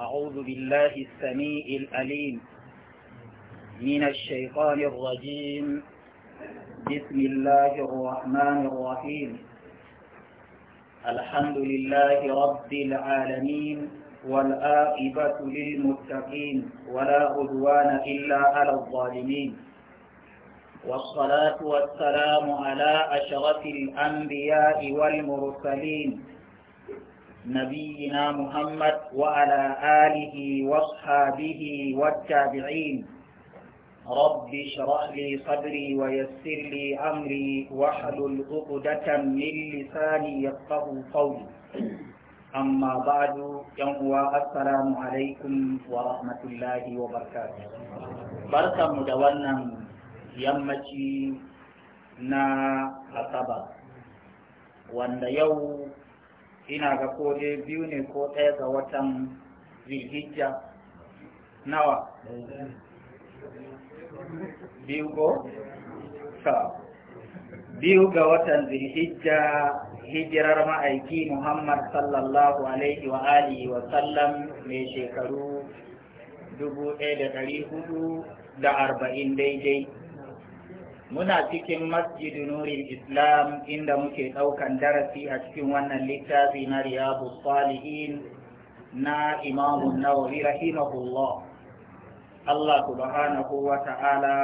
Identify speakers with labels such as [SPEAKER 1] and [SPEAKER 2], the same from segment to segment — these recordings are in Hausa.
[SPEAKER 1] أعوذ بالله السميع الأليم من الشيطان الرجيم بسم الله الرحمن الرحيم الحمد لله رب العالمين والآئبة للمتقين ولا عدوان إلا على الظالمين والصلاة والسلام على أشرف الأنبياء والمرسلين نبينا محمد وعلى آله وصحابه والتابعين رب اشرح لي صدري ويسر لي أمري واحلل عقدة من لساني يفقه قولي أما بعد يوم السلام عليكم ورحمة الله وبركاته بركة مدونا يمتي na asaba wanda yau ina ga ko dai biyu ne ko ɗaya ga watan zilhijja nawa biyu ko sa biyu ga watan zilhijja hijirar ma'aiki muhammad sallallahu alaihi wa alihi wa sallam mai shekaru dubu ɗaya da ɗari hudu da arba'in daidai muna cikin masjidin nurin islam inda muke ɗaukan darasi a cikin wannan littafi na riyadu salihin na imamun nawawi rahimahullah Allah subhanahu wa ta'ala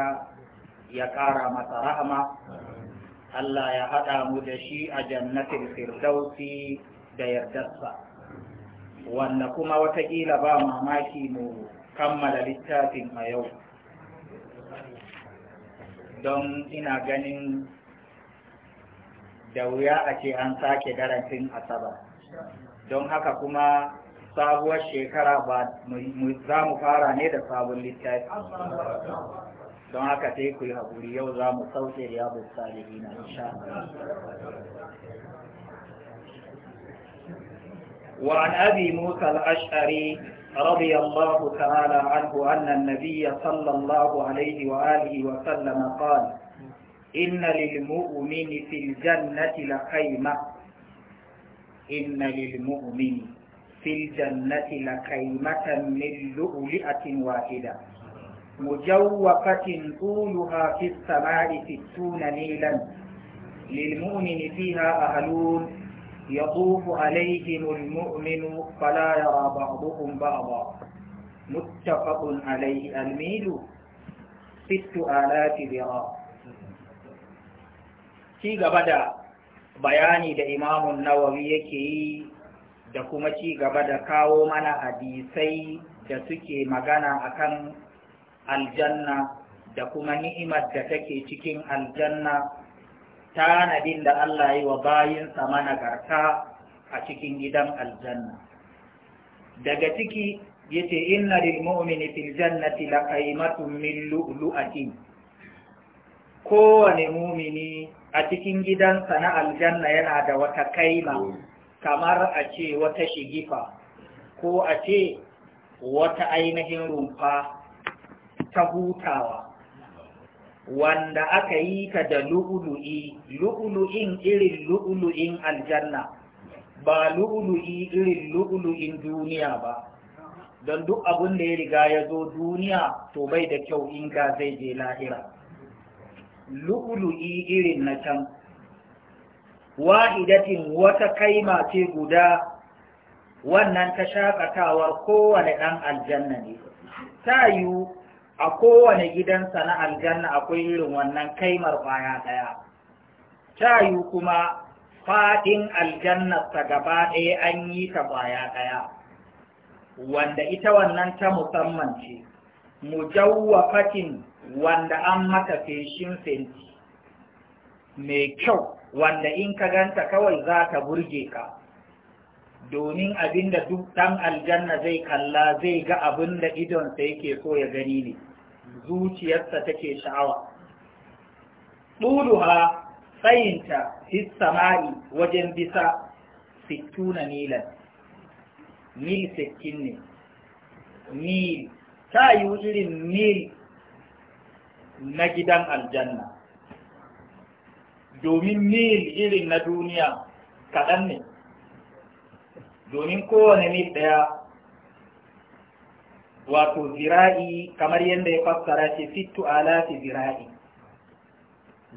[SPEAKER 1] ya ƙara masa rahama Allah ya haɗa mu da shi a jannatin firdausi da yardarsa wanda kuma watakila ba mamaki mu kammala littafin a yau don ina ganin da wuya a ce an sake darasin asaba don haka kuma sabuwar shekara ba za mu fara ne da sabon littafi don haka sai ku yi haƙuri yau za mu sauke da yabu salihi na insha وعن أبي موسى الأشعري رضي الله تعالى عنه أن النبي صلى الله عليه وآله وسلم قال إن للمؤمن في الجنة لخيمة إن للمؤمن في الجنة لخيمة من لؤلئة واحدة مجوفة طولها في السماء ستون نيلا للمؤمن فيها أهلون يطوف عليهم المؤمن فلا يرى بعضهم بعضا متفق عليه الميل ست آلاف ذراع ci gaba da bayani da imamun nawawi yake yi da kuma ci gaba da kawo mana hadisai da suke magana akan aljanna da kuma ni'imar da take cikin aljanna tanadin da Allah yi wa bayinsa managarta a cikin gidan aljanna. Daga ciki yace inna lil mu'mini fil jannati laqaimatun min lu'lu'atin kowane mumini a cikin gidansa na aljanna yana da wata kaima kamar a ce wata shigifa ko a ce wata ainihin rumfa ta hutawa wanda aka yi ta da lu'ulu'i lu'ulu'in irin lu'ulu'in aljanna ba lu'ulu'i irin lu'ulu'in duniya ba don duk abin da ya riga ya zo duniya to bai da kyau in ga zai je lahira lu'ulu'i irin na can wa'idatin wata kaima ce guda wannan ta shakatawar kowane ɗan aljanna ne ta yiwu a kowane gidansa na aljanna akwai irin wannan kaimar baya ɗaya tayu kuma faɗin aljannarsa gaba ɗaya an yi ta baya ɗaya wanda ita wannan ta musamman ce mu mujawwafatin wanda an mata feshin fenti mai kyau wanda in ka ganta kawai za ta burge ka domin abin da duk ɗan aljanna zai kalla zai ga abin da idonsa yake so ya gani ne zuciyarsa take sha'awa ɗuluha tsayinta his sama'i wajen bisa sittuna milan mil sittin ne mil ta yi irin mil na gidan aljanna domin mil irin na duniya kaɗan ne domin kowane mil ɗaya wato zira'i kamar yadda ya fassara ce a lafi zira'i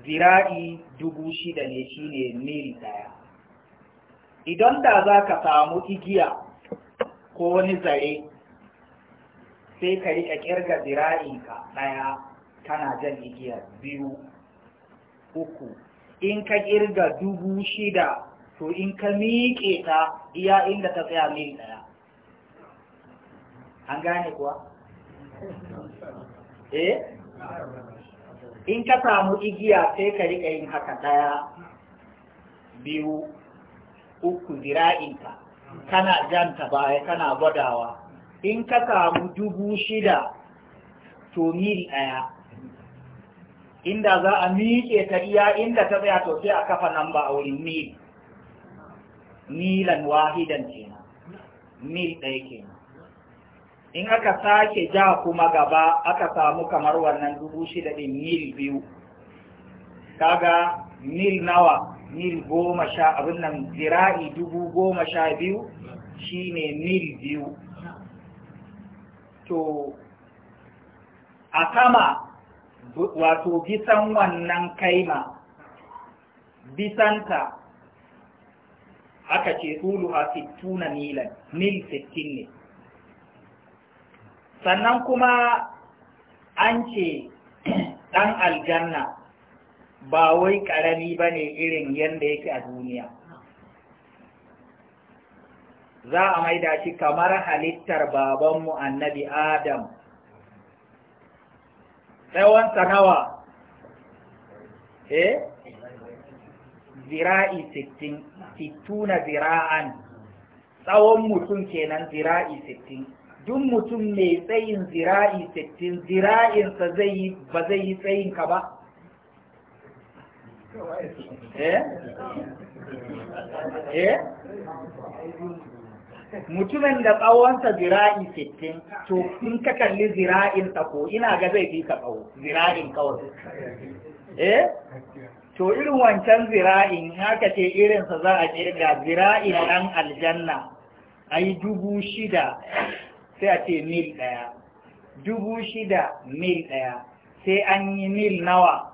[SPEAKER 1] zira'i dubu shida ne shi ne mil ɗaya. idan da za ka samu igiya ko wani zare sai ka riƙa ƙirga ka ɗaya kana jan igiyar biyu uku in ka ƙirga dubu shida to in ka miƙe ta iya inda ka tsaya mil ɗaya an gane kuwa eh in ka samu igiya sai ka riƙa yin haka ɗaya biyu uku zira'inka kana janta baya kana gwadawa in ka samu dubu shida to mil ɗaya inda za a miƙe ta iya inda ta tsaya to sai a kafa nan a wurin mil milan wahidan kenan mil ɗaya kenan in aka sake ja kuma gaba aka samu kamar wannan dubu shida ɗin mil biyu kaga mil nawa mil goma sha abin nan zira'i dubu goma sha biyu shine mil biyu to a sama wato bisan wannan kaima bisanta aka ce tuluha tuna milan mil sittin ne sannan kuma an ce ɗan aljanna ba wai ƙarami ba ne irin yadda yake a duniya za a maida shi kamar halittar babanmu annabi adam tsawonsa nawa eh zira'i sittin sittuna zira'an tsawon mutum kenan zira'i sittin duk mutum mai tsayin zira'i sittin zira'insa zai yi ba zai yi tsayin ka ba eh eh mutumin da tsawonsa zira'i sittin to in ka kalli zira'insa ko ina ga zai fi ka tsawo zira'in kawai eh to irin wancan zira'in haka ce irinsa za a ga zira'in ɗan aljanna a yi dubu shida sai a ce mil ɗaya dubu shida mil ɗaya sai an yi mil nawa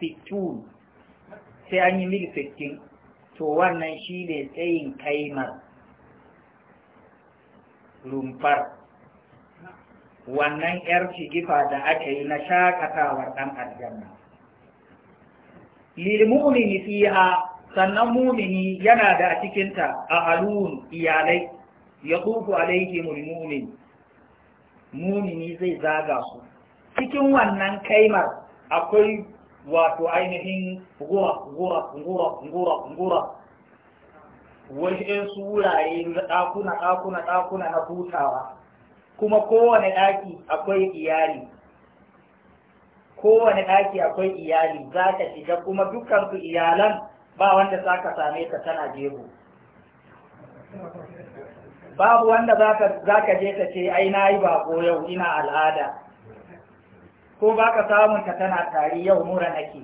[SPEAKER 1] sittun sai an yi mil sittin to wannan shi ne tsayin kaimar rumfar wannan 'yar shigifa da aka yi na shakatawar ɗan aljanna lilmu'mini fiha sannan mumini yana da cikin cikinta a alun iyalai ya tsufu alaihi mumini zai zaga su cikin wannan kaimar akwai wato ainihin gura gura gura gura gura wajen suraye ɗakuna ɗakuna ɗakuna na hutawa kuma kowane ɗaki akwai iyali kowane ɗaki akwai iyali za ka shiga kuma su iyalan ba wanda za ka same ta tana jego babu wanda za ka je ta ce ai na yi bako yau ina al'ada ko ba ka samun ta tana tari yau mura nake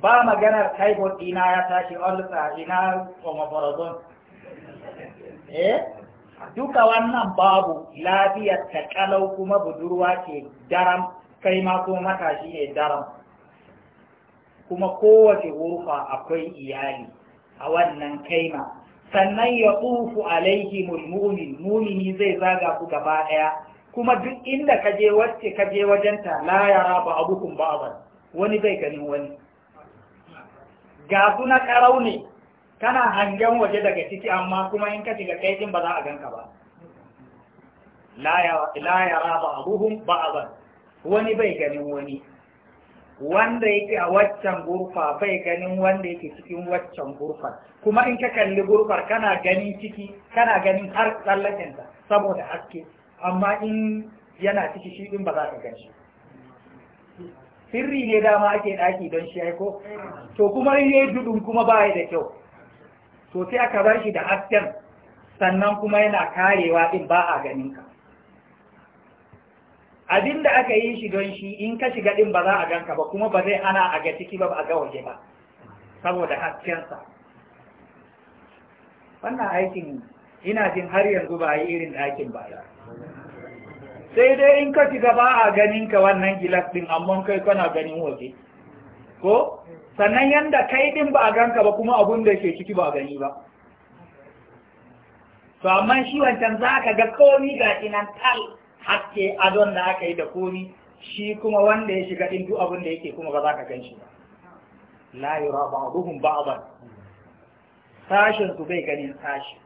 [SPEAKER 1] ba maganar taibot dina ya tashi ulsa ina omaforazon eh duka wannan babu lafiyar ta kalau kuma budurwa ke daram kai ma ko matashi ne daram kuma kowace gurfa akwai iyali a wannan kaima sannan ya tsufu alaihi mulmumin mumini zai zaga ku gaba daya kuma duk inda ka je wacce ka je wajenta la yara ba abukun ba wani zai ganin wani ga na karau ne kana hangen waje daga ciki amma kuma in ka shiga kaijin ba za a ganka ba la yara ba abuhum ba wani bai ganin wani wanda yake a waccan gurfa bai ganin wanda yake cikin waccan gurfar kuma in ka kalli gurfar kana ganin ciki kana ganin har tsallakinta saboda haske amma in yana ciki shi din ba za ka gani. sirri ne dama ake ɗaki don shi aiko to kuma in yayi dudun kuma ba da kyau to sai aka bar shi da hasken sannan kuma yana karewa din ba a ganin abin da aka yi shi don shi in ka shiga ɗin ba za a ganka ba kuma ba zai hana a ga ciki ba a ga waje ba saboda haskensa wannan aikin ina jin har yanzu ba a yi irin ɗakin ba sai dai in ka shiga ba a ganin ka wannan gilas ɗin amma kai kana ganin waje ko sannan yanda kai ɗin ba a ganka ba kuma abun da ke ciki ba a gani ba to amma shi wancan za ka ga komi ga inan tal haske adon da aka yi da komi shi kuma wanda ya shiga din duk abin da yake kuma ba za ka gan shi ba la yura ba'duhum ba'dan sashin su bai ganin sashi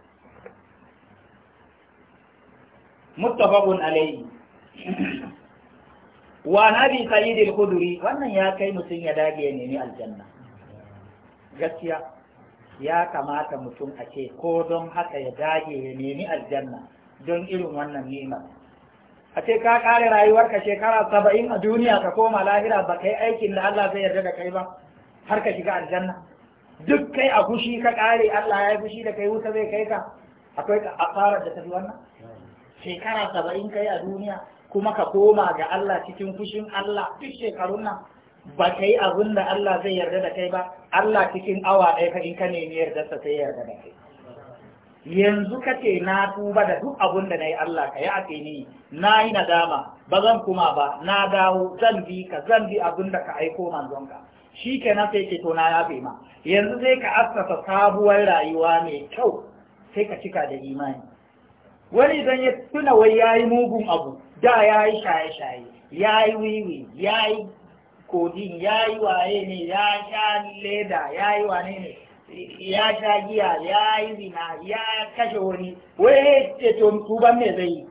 [SPEAKER 1] muttafaqun alayhi wa nabi sayyid al-khudri wannan ya kai mutum ya dage ya nemi aljanna gaskiya ya kamata mutum a ce ko don haka ya dage ya nemi aljanna don irin wannan ni'imar a ce ka kare rayuwarka shekara saba'in a duniya ka koma lahira ba kai aikin da Allah zai yarda da kai ba har ka shiga aljanna duk kai a fushi ka kare Allah ya yi fushi da kai wuta zai kai ka akwai fara da tafi wannan shekara saba'in kai a duniya kuma ka koma ga Allah cikin fushin Allah duk shekarun nan ba ka yi abin da Allah zai yarda da kai ba Allah cikin awa ɗaya ka in ka nemi yardarsa sai yarda da kai yanzu kake na tuba da duk abun da yi Allah ka yi ake ni na yi nadama ba zan kuma ba na dawo zan bi ka zan bi abun da ka aiko ka shi na sai ke to na yafe ma yanzu zai ka assasa sabuwar rayuwa mai kyau sai ka cika da imani wani zan ya tuna wai yayi mugun abu da yayi shaye-shaye yayi wiwi yayi kodin yayi waye ne ya sha leda yayi wane ne ya sha giya ya yi zina ya kashe wani wai ce to tuban me zai yi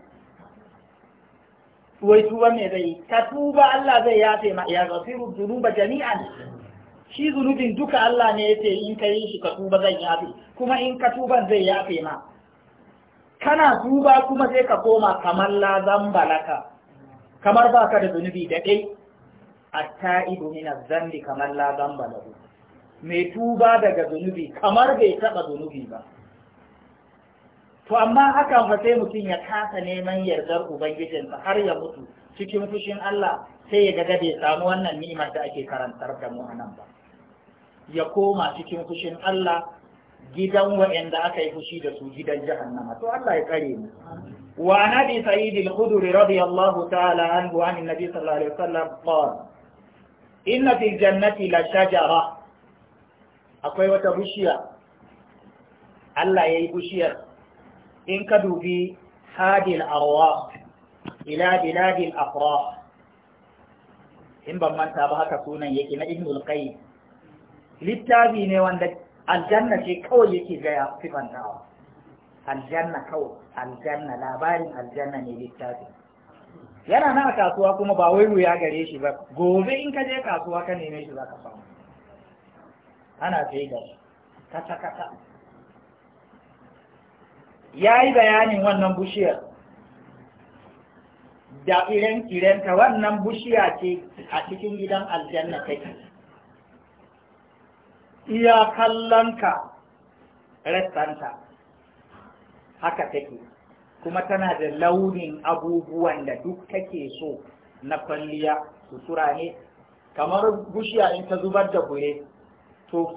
[SPEAKER 1] wai tuban me zai yi ka tuba Allah zai yafe ma ya gafiru dhunuba jami'an shi zunubin duka Allah ne yace in ka yi shi ka tuba zan yafe kuma in ka tuban zai yafe ma kana tuba kuma sai ka koma kamar la zambalaka kamar baka da zunubi da kai a taibu min zambi kamar la zambalahu mai tuba daga zunubi kamar bai taɓa zunubi ba to amma hakan fa sai mutum ya kasa neman yardar ubangijinsa har ya mutu cikin fushin Allah sai ya ga bai samu wannan ni'imar da ake karantar da mu anan ba ya koma cikin fushin Allah gidan waɗanda aka yi fushi da su gidan jahannama to Allah ya kare mu wa nabi sa'id al-khudri radiyallahu ta'ala anhu an nabi sallallahu alaihi wasallam qala inna fil jannati la shajara akwai wata bushiya Allah ya yi bushiyar in ka dubi hadil arwa ila biladil afra in ban manta ba haka sunan yake na ibn littafi ne wanda aljanna ce kawai yake gaya sifantawa aljanna kawai aljanna labarin aljanna ne littafi yana na kasuwa kuma ba wai ya gare shi ba gobe in ka je kasuwa ka neme shi za ka samu ana sai da kasa kasa ya yi bayanin wannan bushiyar da irin irenta wannan bushiya ce a cikin gidan aljanna take iya kallonka restanta haka take kuma tana da launin abubuwan da duk take so na kwalliya sutura ne kamar bushiya in ta zubar da bure to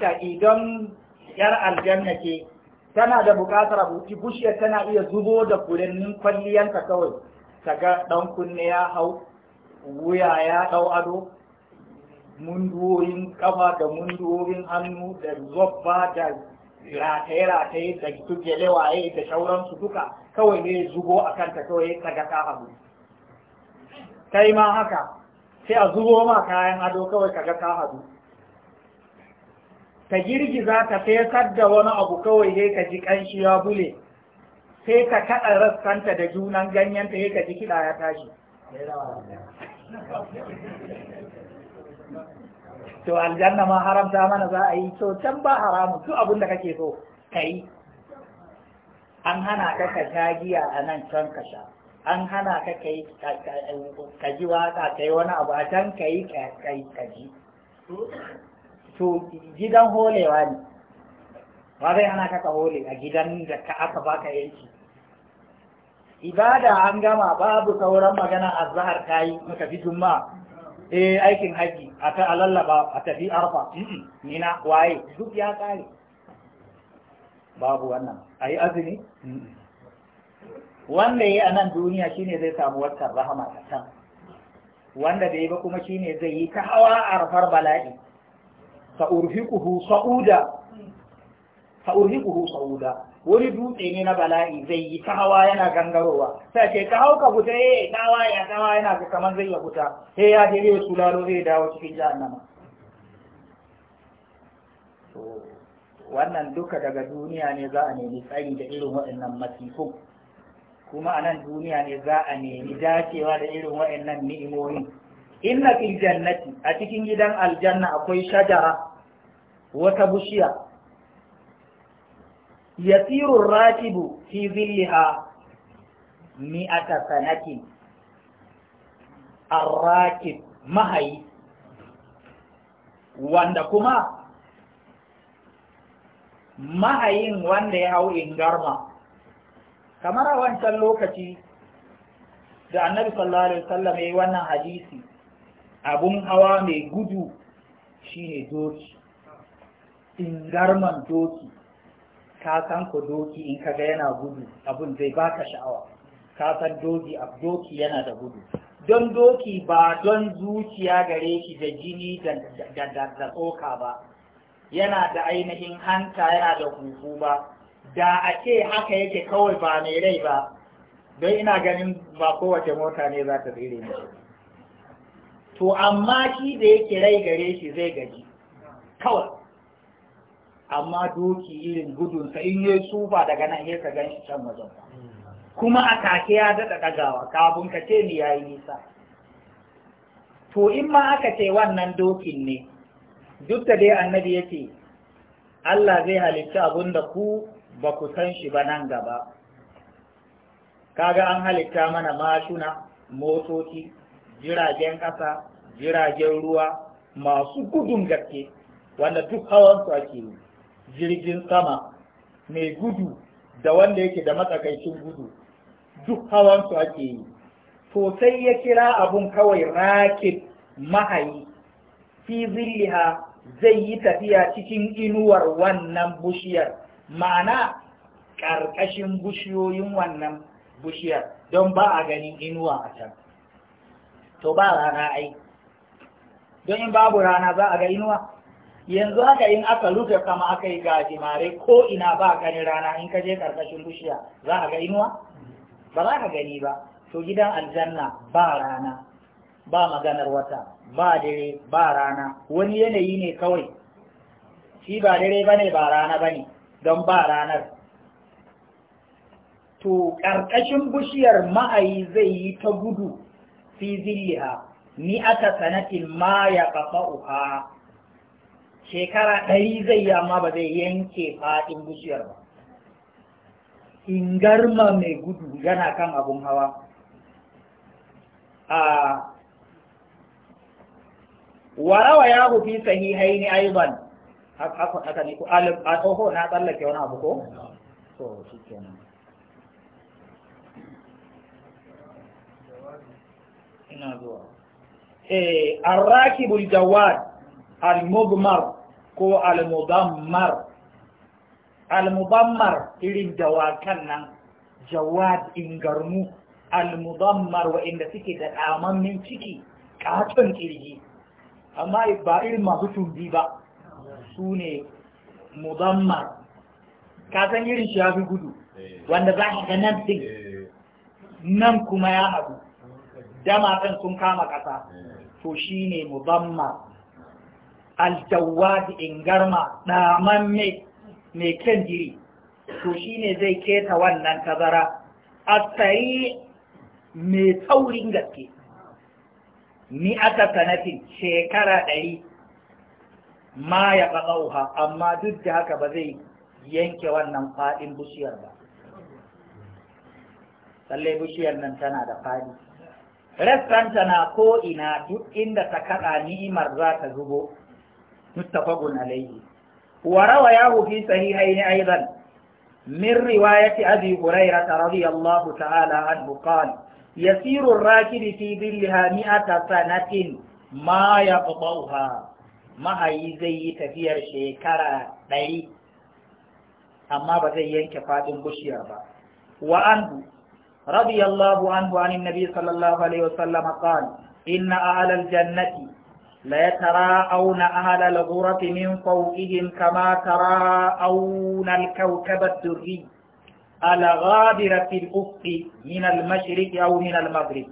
[SPEAKER 1] ta idan yar aljanna ce tana da buƙatar abuci bushiya tana iya zubo da furannin ka kawai kaga 'dan kunne ya hau wuya ya dau ado munduwoyin ƙafa da munduwoyin hannu da zobba da rataye-rataye da tukele waye da shauransu duka kawai ne zubo a kanta kawai kaga ka abu kai ma haka sai a zubo ma kayan ado kawai kaga ka hadu ka girgiza ka fesar da wani abu kawai sai ka ji ƙanshi ya bule sai ka kaɗa rassanta da junan ganyen ta sai ka ji kiɗa ya tashi to aljanna ma haramta mana za a yi to can ba haramun duk abin da kake so ka yi an hana ka ka sha giya a nan can ka sha an hana ka yi ka ji waka kai wani abu a can ka yi ka ji to gidan holewa ne ba zai ana kaka hole a gidan da ka aka baka yanki ibada an gama babu sauran magana azhar yi, muka fi juma eh aikin haji a ta alallaba a tafi arfa nina waye duk ya kare babu wannan a yi azumi wanda ya yi a nan duniya shine zai samu wata rahama ta can wanda bai ba kuma shine zai yi ta hawa a rafar bala'i sa'urhiquhu sa'uda sa'urhiquhu sa'uda wani dutse ne na bala'i zai yi ta hawa yana gangarowa sai ce ka hau ka fita eh ta hawa ya ta hawa yana kamar zai ya fita sai ya je su sulalo zai dawo cikin jahannama to wannan duka daga duniya ne za a nemi tsari da irin waɗannan masifun kuma a nan duniya ne za a nemi dacewa da irin waɗannan ni'imomin inna fil jannati a cikin gidan aljanna akwai shajara wata bushiya Yasirun rakibu fi zilliha mi'ata a rakib mahayi wanda kuma mahayin wanda ya hau ingarma kamar a wancan lokaci da annabi sallallahu alaihi wasallam yi wannan hadisi abun hawa mai gudu shine doki ingarman doki ka san ku doki in kaga yana gudu abun zai baka sha'awa ka san doki a doki yana da gudu don doki ba don zuciya gare shi da jini da tsoka ba yana da ainihin hanta yana da huhu ba da a ce haka yake kawai ba mai rai ba don ina ganin ba kowace mota ne za ta tsire ne to amma shi da yake rai gare shi zai gaji kawai amma doki irin gudunsa in yayi tsufa daga nan ya ka ganshi can wajen kuma a take ya dada ɗagawa kabun ka ce ni yayi nisa to in ma aka ce wannan dokin ne duk da dai annabi ya Allah zai halitta abunda da ku ba ku san shi ba nan gaba kaga an halitta mana mashuna motoci jiragen ƙasa jiragen ruwa masu gudun gaske wanda duk hawan su ake yi jirgin sama mai gudu da wanda yake da matsakaicin gudu duk hawansu ake yi to sai ya kira abun kawai rakit mahayi fi zilliha zai yi tafiya cikin inuwar wannan bushiyar ma'ana ƙarƙashin bushiyoyin wannan bushiyar don ba a ganin inuwa a can to ba rana ai don in babu rana za a ga inuwa yanzu haka in aka rufe kama aka yi gajimare ko ina ba ganin rana in ka je karkashin bishiya za a ga inuwa ba za ka gani ba to gidan aljanna ba rana ba maganar wata ba dare ba rana wani yanayi ne kawai shi ba dare ba ne ba rana ba ne don ba ranar to ƙarƙashin bishiyar ma'ayi zai yi ta gudu fi zilliha ni aka sanatin ma ya uha shekara ɗari zai yi amma ba zai yanke faɗin bishiyar ba ingarma mai gudu yana kan abun hawa a warawa ya hufi sahihai haini aiban haka ne ku a tsoho na tsallake wani abu ko? so shi kenan ina zuwa eh arrakibul jawad al mugmar ko almubammar mudammar irin dawakan nan jawad ingarmu almubammar wa'inda suke da ɗamammin ciki katon ƙirgi amma ba irin masu tumbi ba su ne mubammar san irin shi ya gudu eh. wanda za shi ga nan din eh. nan kuma ya haɗu dama kan sun kama ƙasa eh. to shi ne mubammar aljawadi ingarma ɗamamme mai kyan jiri to shi ne zai keta wannan tazara a tsaye mai tsaurin gaske ni aka sanatin shekara ɗari ma ya ɓaɓauha amma duk da haka ba zai yanke wannan faɗin bushiyar ba tsalle bishiyar nan tana da faɗi restanta na ko'ina duk inda ta kaɗa ni'imar za ta zubo muttafaqun alayhi wa rawayahu fi sahihayn aidan min riwayati abi hurairah radiyallahu ta'ala anhu qala يسير الراكب في ظلها مئة سنة ما يقطعها mahayi zai yi tafiyar shekara ɗari amma ba zai yanke faɗin bushiyar ba wa anhu radiyallahu anhu anin nabi sallallahu alaihi wasallam qala inna ahlal jannati ليتراءون أهل الغرة من فوقهم كما تراءون الكوكب الدري الغابر في الأفق من المشرق أو من المغرب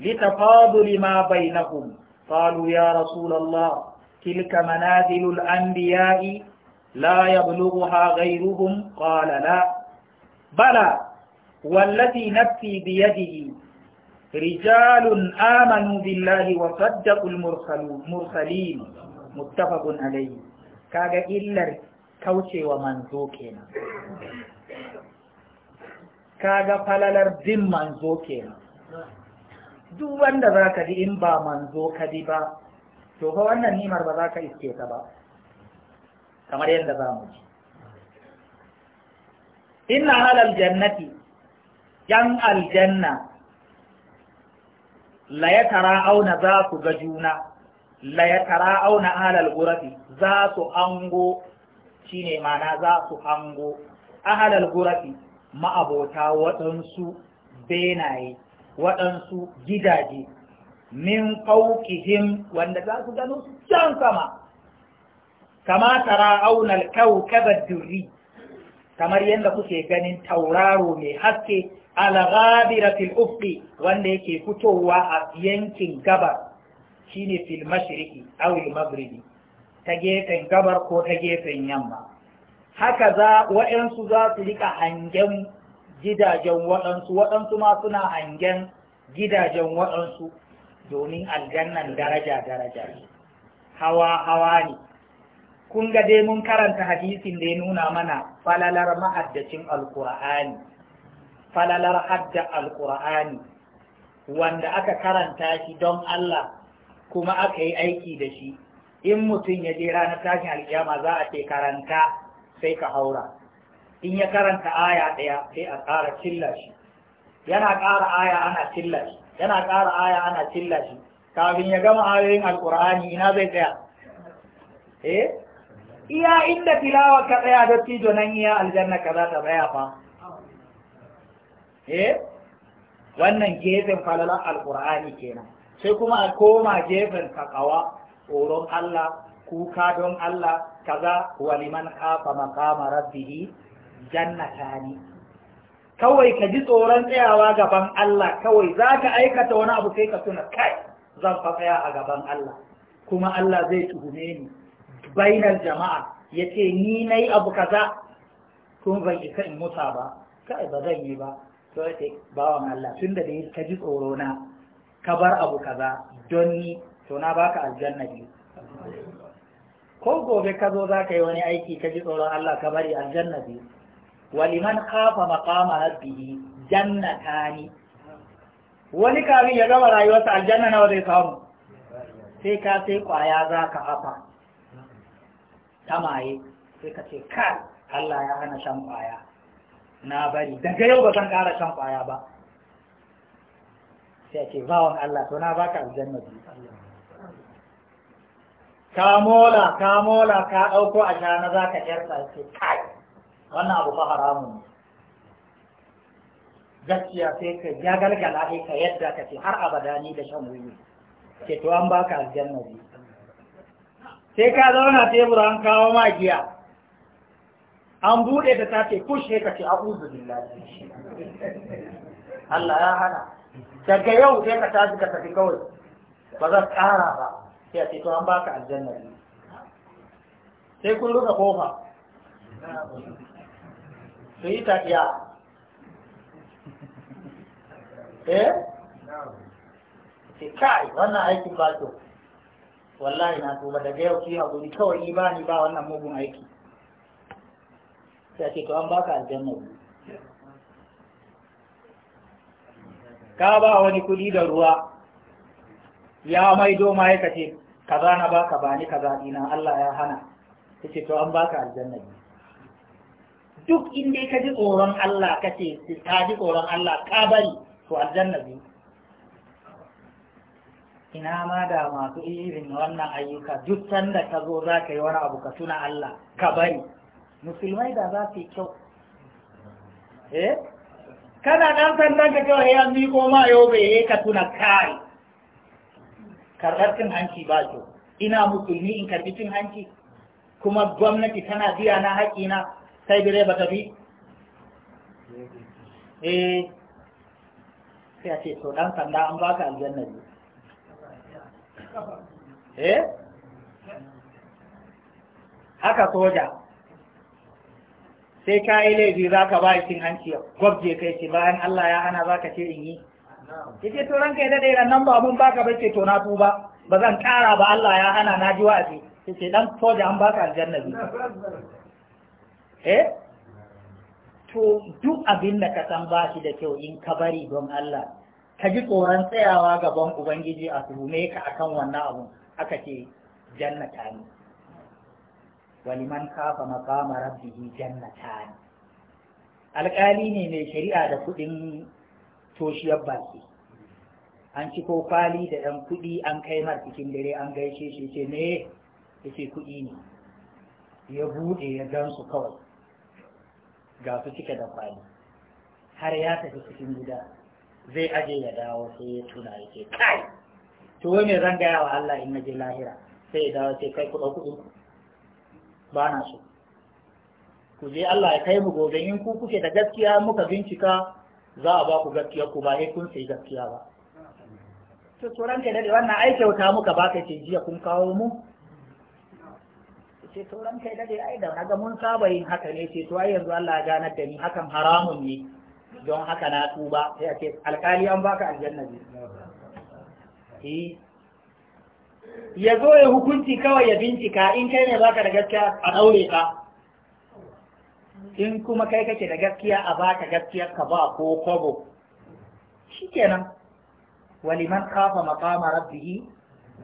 [SPEAKER 1] لتفاضل ما بينهم قالوا يا رسول الله تلك منازل الأنبياء لا يبلغها غيرهم قال لا بلى والذي نفسي بيده rijalun amanu billahi wa saddaqul mursalin muttafaqun alayhi kaga illar kaucewa manzo kenan kaga falalar bin manzo kenan duk wanda za ka ji in ba manzo ka ji ba to fa wannan nimar ba za ka iske ta ba kamar yadda za mu ji inna halal jannati yan aljanna la ya tara auna za su ga juna la ya tara auna ahalal gurafi za su shi shine mana za su hango ahalal gurafi ma'abota waɗansu benaye waɗansu gidaje min fauqihim wanda za su gano su can sama kama tara aunal kawkaba duri, kamar yadda kuke ganin tauraro mai haske al ufqi wanda yake fitowa a yankin gabar shine fil mashriqi aw al maghribi ta gefen gabar ko ta gefen yamma haka za waɗansu za su rika hangen gidajen waɗansu waɗansu ma suna hangen gidajen waɗansu domin aljannan daraja daraja hawa hawa ne kun ga dai mun karanta hadisin da ya nuna mana falalar ma'addacin alkur'ani falalar hadda alƙur'ani wanda aka karanta shi don Allah kuma aka yi aiki da shi in mutum ya je ranar tashin alƙiyama za a ce karanta sai ka haura in ya karanta aya ɗaya sai a ƙara cilla shi yana ƙara aya ana cilla shi yana ƙara aya ana cilla shi kafin ya gama ayoyin alƙur'ani ina zai tsaya eh iya inda tilawa ka tsaya da tijo nan iya aljanna ka za ta tsaya fa eh wannan gefen falalan Alkur'ani kenan sai kuma a koma gefen takawa tsoron Allah kuka don Allah kaza waliman kafa maqama rabbih jannatani kawai ka ji tsoron tsayawa gaban Allah kawai za ka aikata wani abu sai ka tuna kai zan fa tsaya a gaban Allah kuma Allah zai tuhume ni bainar jama'a yace ni nayi abu kaza kun zan isa in musa ba kai ba zan yi ba sai ce bawan Allah tun da dai ka ji tsoro na ka bar abu kaza don ni to na baka aljanna biyu ko gobe ka zo za ka yi wani aiki ka ji tsoron Allah ka bari aljanna biyu waliman kafa maqama rabbihi jannatani wani kafin ya gama rayuwarsa aljanna nawa zai samu sai ka sai kwaya za ka hafa ta maye sai ka ce kai Allah ya hana shan kwaya na bari daga yau ba zan ƙara shan ƙwaya ba sai ce bawan Allah to na baka aljanna biyu ka mola ka mola ka ɗauko a shana za ka ƴarka ce kai wannan abu fa haramun ne gaskiya sai ka ya galgala sai ka yadda ka ce har abada ni da shan wuyi ce to an baka aljanna biyu sai ka zauna tebura an kawo ma giya an buɗe da ta ce kushe ka ce a'udhu billahi Allah ya hana daga yau sai ka tashi ka tafi kawai ba za kara ba sai a ce to an baka aljanna sai kun rufe kofa su yi tafiya eh ce kai wannan aikin ba kyau wallahi na tuba daga yau ki haƙuri kawai ni ba ni ba wannan mugun aiki sai to an baka aljanna ka ba wani kuɗi da ruwa ya maido ma ya kace kaza na baka ba ni kaza dina Allah ya hana kace to an baka aljanna duk inda ka ji tsoron Allah kace ka ji tsoron Allah ka bari to aljanna biyu ina ma da masu irin wannan ayyuka duk sanda ka zo za yi wani abu ka tuna Allah ka bari musulmai da za su yi kyau eh kana dan sandan ka cewa ya ko ma yau bai yi ka tuna kai karɓar cin hanci ba kyau ina musulmi in karɓi cin hanci kuma gwamnati tana biya na na sai ba ta bi eh sai a ce to dan sanda an baka aljanna ne eh haka soja sai ka yi laifi za ka ba cin hanci gwabje kai ce bayan Allah ya hana za ka ce in yi ya ce to ranka ya daɗe nan ba mun baka ba ce to na tuba ba zan ƙara ba Allah ya hana na ji wa'azi ya ce dan soja an baka aljanna bi eh to duk abin da ka san ba shi da kyau in ka bari don Allah ka ji tsoron tsayawa gaban Ubangiji a tuhume ka akan wannan abun aka ce jannata ne waliman kafa maqama rabbihi jannatan alƙali ne mai shari'a da kuɗin toshiyar baki an ci ko kwali da ɗan kuɗi an kai mar cikin dare an gaishe shi ce ne ya ce kuɗi ne ya buɗe ya gan su kawai ga su cike da kwali har ya tafi cikin gida zai aje ya dawo sai ya tuna ya ce kai to wai me zan gaya wa Allah in je lahira sai ya dawo sai kai kuɗa kuɗin ba na so ku je Allah ya kai mu gobe in ku kuke da gaskiya muka bincika za a ba ku gaskiya ku ba sai kun sai gaskiya ba to tsoron ka dade wannan ai kyauta muka ka ce jiya kun kawo mu ce tsoron kai dade ai da naga mun saba yin haka ne sai to ai yanzu Allah ya ganar da ni hakan haramun ne don haka na tuba sai a ce alƙali an baka aljanna ne eh, ya zo ya hukunci kawai ya bincika in kai ne baka da gaskiya a daure ka in kuma kai kake da gaskiya a baka gaskiya ka ba ko kobo shikenan waliman kafa maqama rabbihi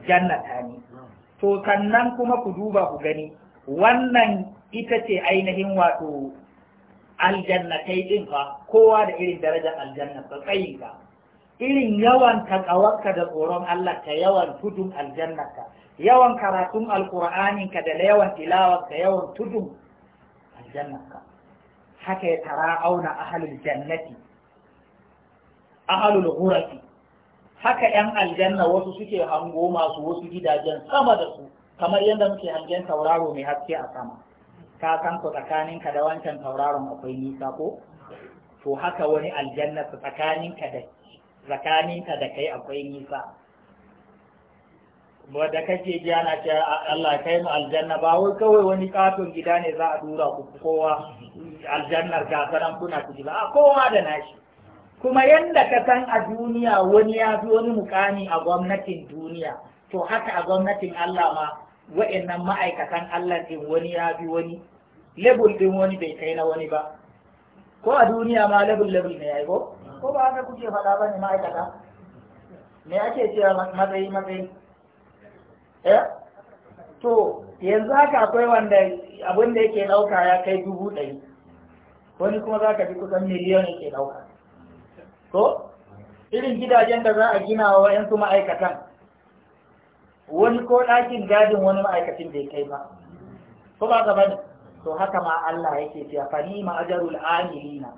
[SPEAKER 1] jannatani to sannan kuma ku duba ku gani wannan ita ce ainihin wato aljannatai din fa kowa da irin darajar aljanna ka. irin yawan takawarka da tsoron Allah ka yawan tudun aljannarka yawan karatun alkur'aninka da yawan tilawarka yawan tudun aljannarka haka ya tara auna ahalul jannati ahalul ghurafi haka yan aljanna wasu suke hango masu wasu gidajen sama da su kamar yadda muke hangen tauraro mai haske a sama ka san ku tsakaninka da wancan tauraron akwai nisa ko to haka wani aljanna tsakaninka da tsakaninka da kai akwai nisa wadda kake ji ana ce Allah kai mu aljanna ba wai kawai wani katon gida ne za a dura ku kowa aljannar gasaran kuna ku ji ba kowa da nashi kuma yanda ka san a duniya wani ya fi wani mukami a gwamnatin duniya to haka a gwamnatin Allah ma wa'annan ma'aikatan Allah din wani ya fi wani lebul din wani bai kai na wani ba ko a duniya ma lebul lebul ne ya ko ko ba haka kuke faɗa ba ne ma'aikata me ake cewa matsayi matsayi eh to yanzu haka akwai wanda abin da yake ɗauka ya kai dubu ɗari wani kuma za ka fi kusan miliyan yake ɗauka ko irin gidajen da za a gina wa yansu ma'aikatan wani ko ɗakin gadin wani ma'aikacin bai kai ba ko ba ba ne to haka ma Allah yake cewa fani ni ma ajarul amilina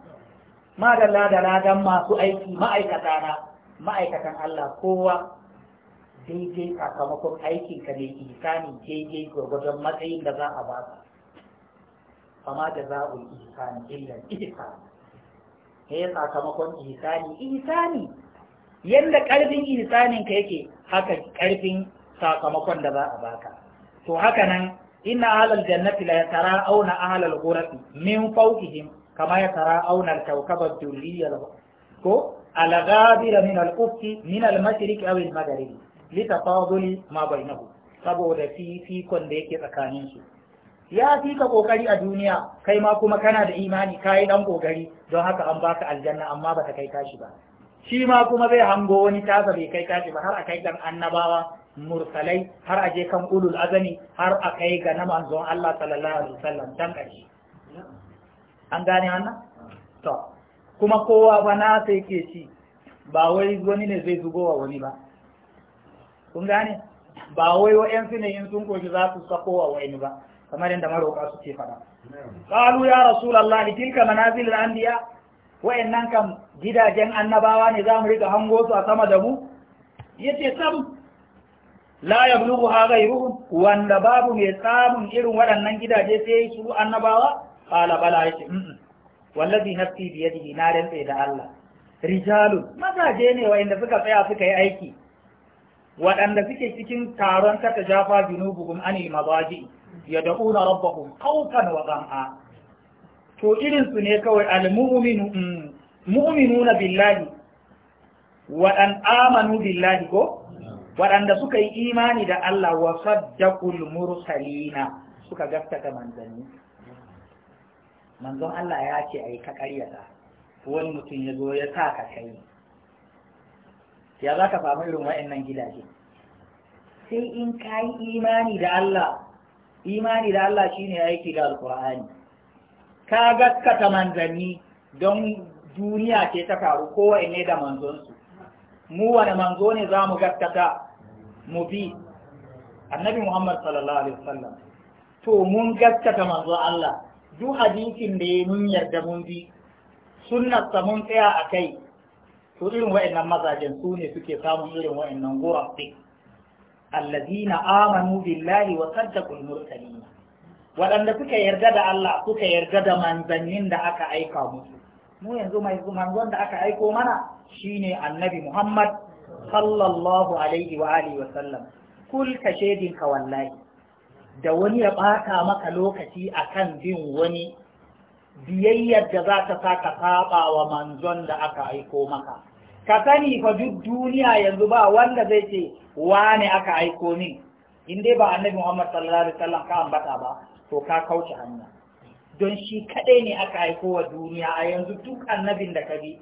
[SPEAKER 1] madalla da ladan masu aiki ma'aikata na ma'aikatan Allah kowa daidai sakamakon aikin ka ne ihsani daidai gwargwadon matsayin da za a ba ka amma da za'ul ihsani illa ihsani he sakamakon ihsani ihsani yanda karfin ihsanin ka yake haka karfin sakamakon da za a baka to haka nan inna ahlal jannati la yatara auna ahlal ghurafi min fawqihim kama ya tara aunar kaukabar duriyar ko alagabira min al'ufki min al-mashriq aw al-maghrib li tafaduli ma bainahu saboda fifikon da yake tsakanin su ya fi ka kokari a duniya kai ma kuma kana da imani kai dan kokari don haka an baka aljanna amma bata kai kashi ba shi ma kuma zai hango wani tasa bai kai kashi ba har a kai dan annabawa mursalai har a je kan ulul azami har a kai ga na manzon Allah sallallahu alaihi wasallam dan ƙarshe an gane wannan to kuma kowa fa na sai ke ci ba wai wani ne zai zugo wa wani ba kun gane ba wai wa'yansu ne in sun koshi za su sako wa wani ba kamar yadda maroƙa suke faɗa qalu ya rasulullah tilka manazilul anbiya wa'annan kam gidajen annabawa ne za mu riga hango su a sama da mu yace sam la yablughu ha ghayruhum wanda babu mai samun irin waɗannan gidaje sai su annabawa qala bala yace mm wallazi nafsi bi yadihi na rantse da Allah rijalu mazaje ne wa'inda suka tsaya suka yi aiki waɗanda suke cikin taron ta jafa junubuhum anil mazaji yad'una rabbahum khawfan wa dham'a to irin su ne kawai almu'minu mm, mu'minuna billahi waɗan amanu billahi ko waɗanda suka yi imani da Allah wa saddaqul mursalina suka gaskata manzanni manzon Allah ya ce a yi ka karyata wani mutum ya zo ya sa ka kai ya za ka samu irin wa'annan gidaje sai in ka yi imani da Allah imani da Allah shine aiki da Alƙur'ani. ka gaskata manzanni don duniya ce ta faru kowanne da manzonsu mu wani manzo ne za mu gaskata mu bi annabi muhammad sallallahu alaihi wasallam to mun gaskata manzo Allah duk hadisin da ya mun yarda mun bi sunnarsa mun tsaya a kai to irin wa'annan mazajen su ne suke samun irin wa'annan guraf allazina amanu billahi wa saddaqul mursalin waɗanda suka yarda da Allah suka yarda da manzannin da aka aika musu mu yanzu mai manzon da aka aiko mana shine annabi Muhammad sallallahu alaihi wa alihi wa sallam kul ka shedin ka wallahi da wani ya ɓata maka lokaci akan bin wani biyayyar da za ta saka saba wa manzon da aka aiko maka ka sani fa duk duniya yanzu ba wanda zai ce wa ne aka aiko min in dai ba annabi Muhammad sallallahu alaihi wasallam ka ambata ba to ka kauce hanya don shi kaɗai ne aka aiko wa duniya a yanzu duk annabin da ka bi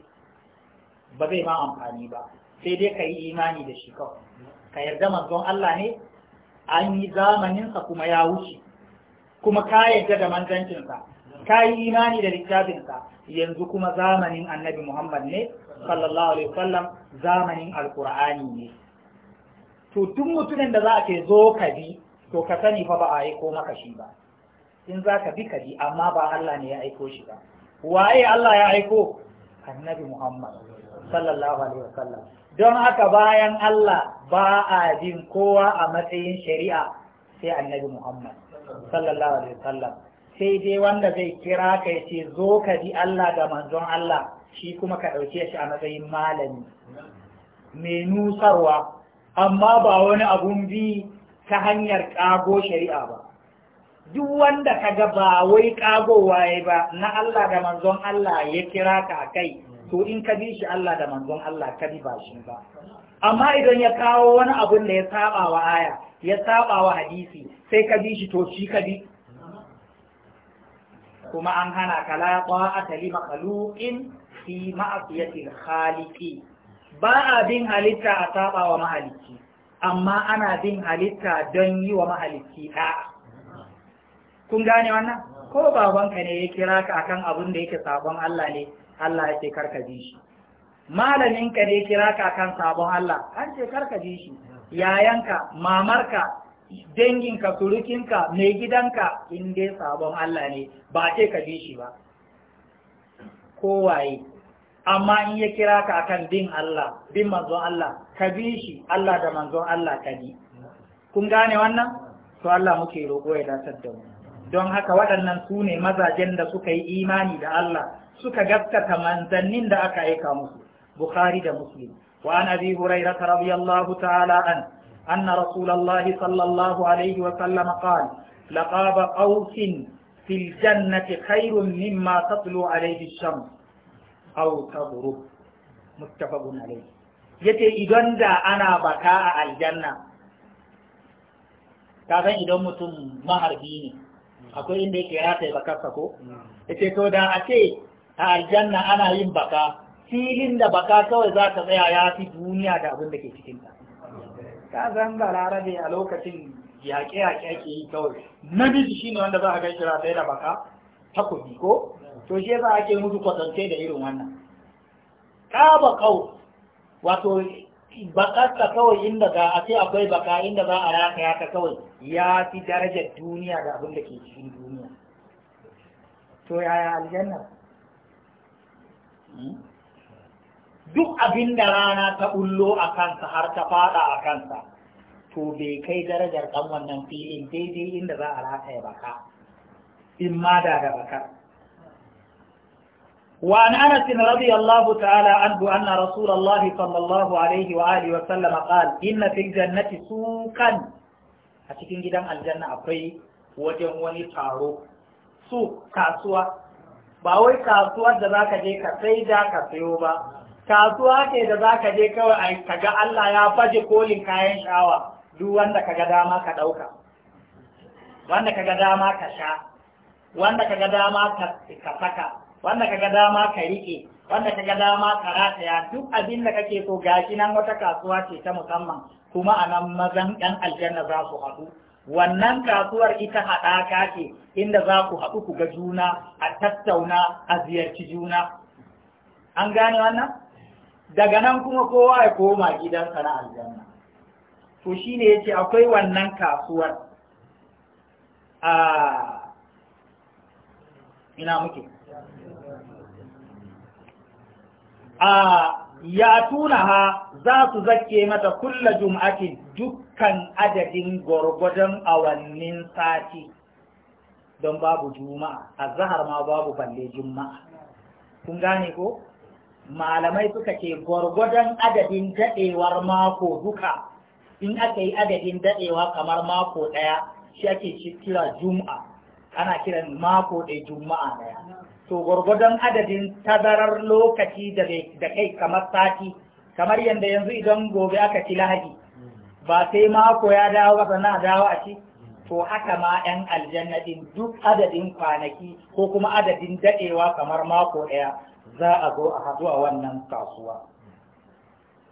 [SPEAKER 1] ba zai ma amfani ba sai dai ka yi imani da shi kawai ka yarda manzon Allah ne an yi zamaninsa kuma ya wuce kuma ka yadda da manzancinsa ka yi imani da littafinsa yanzu kuma zamanin annabi muhammad ne sallallahu alaihi wasallam zamanin alkur'ani ne to duk mutumin da za a ce zo ka bi to ka sani fa ba a aiko maka shi ba in za ka bi ka bi amma ba Allah ne ya aiko shi ba waye Allah ya aiko annabi muhammad sallallahu alaihi wasallam don haka bayan Allah ba a jin kowa a matsayin shari'a sai annabi Muhammad sallallahu alaihi wasallam sai dai wanda zai kira ka ce zo ka ji Allah da manzon Allah shi kuma ka ɗauke shi a matsayin malami mai nusarwa amma ba wani abun bi ta hanyar ƙago shari'a ba duk wanda ka ga ba wai kagowa ba na Allah da manzon Allah ya kira ka kai to in ka bi shi Allah da manzon Allah ka bi ba shi ba amma idan ya kawo wani abun da ya saba wa aya ya saba wa hadisi sai ka bi shi to shi ka bi kuma an hana ka la ta'ata li makhluqin fi ma'siyati khaliqi ba a bin halitta a saba wa mahalicci amma ana bin halitta don yi wa mahalicci da'a kun gane wannan ko babanka ne ya kira ka akan abun da yake sabon Allah ne Allah ya ce karka ji shi malamin ka ne kira ka kan sabon Allah an ce karka ji shi yayanka mamarka danginka surukinka mai gidanka in dai sabon Allah ne ba ce ka ji shi ba kowaye amma in ya kira ka kan bin Allah bin manzon Allah ka bi shi Allah da manzon Allah ka bi kun gane wannan to Allah muke roƙo ya dasar da mu don haka waɗannan su ne mazajen da suka yi imani da Allah suka gaskata manzannin da aka aika musu bukhari da muslim wa an abi hurairah radiyallahu ta'ala an anna rasulullahi sallallahu alaihi wa sallam qala laqaba qawsin fil jannati khairun mimma tatlu alaihi ash-shams aw taghrub muttafaqun alaihi yace idan da ana baka a aljanna ka san idan mutum maharbi ne akwai inda yake rata ya bakarsa ko yace to da a a aljanna ana yin baka filin da baka kawai za ka tsaya ya fi duniya da abin da ke cikin ta ka zan balarabe a lokacin yaƙe yaƙe ake yi kawai namiji ne wanda za a ga shi rataye da baka takobi ko to shi yasa ake mutu kwatance da irin wannan ba kawo wato bakarka kawai inda ga a ce akwai baka inda za a raka ya kawai ya fi darajar duniya da abin da ke cikin duniya to yaya aljanna duk abin da rana ta ullo a kansa har ta fada a kansa to bai kai darajar kan wannan filin daidai inda za a rataya baka in ma da da bakar wa an anas radiyallahu ta'ala an bu anna rasulullahi sallallahu alaihi wa alihi wa sallama qal inna fil jannati sukan a cikin gidan aljanna akwai wajen wani taro su kasuwa ba wai kasuwar da za ka je ka sai da ka sayo ba kasuwa ce da za ka je kawai a ka ga Allah ya faje kolin kayan shawa duk wanda ka ga dama ka ɗauka wanda ka ga dama ka sha wanda ka ga dama ka saka wanda ka ga dama ka riƙe wanda ka ga dama ka rataya duk abin da kake so gashi nan wata kasuwa ce ta musamman kuma a nan mazan ɗan aljanna za su haɗu wannan kasuwar ita haɗaka ce inda za ku haɗu ku ga juna a tattauna a ziyarci juna an gane wannan daga nan kuma kowa ya koma gidansa na aljanna to shi ne ya ce akwai wannan kasuwar a ina muke a ya tuna ha za su zake mata kulla jum'atin duk kan adadin gwargwadon awannin sati don babu juma'a a zahar ma babu balle juma'a kun gane ko malamai suka ce gwargwadon adadin daɗewar mako duka in aka yi adadin daɗewa kamar mako ɗaya shi ake kira juma'a ana kiran mako ɗai juma'a ɗaya to gwargwadon adadin tazarar lokaci da kai kamar sati kamar yadda yanzu idan gobe aka ci lahadi ba sai mako ya dawo ba sannan dawo a ci to haka ma 'yan aljanna duk adadin kwanaki ko kuma adadin daɗewa kamar mako ɗaya za a zo a haɗu a wannan kasuwa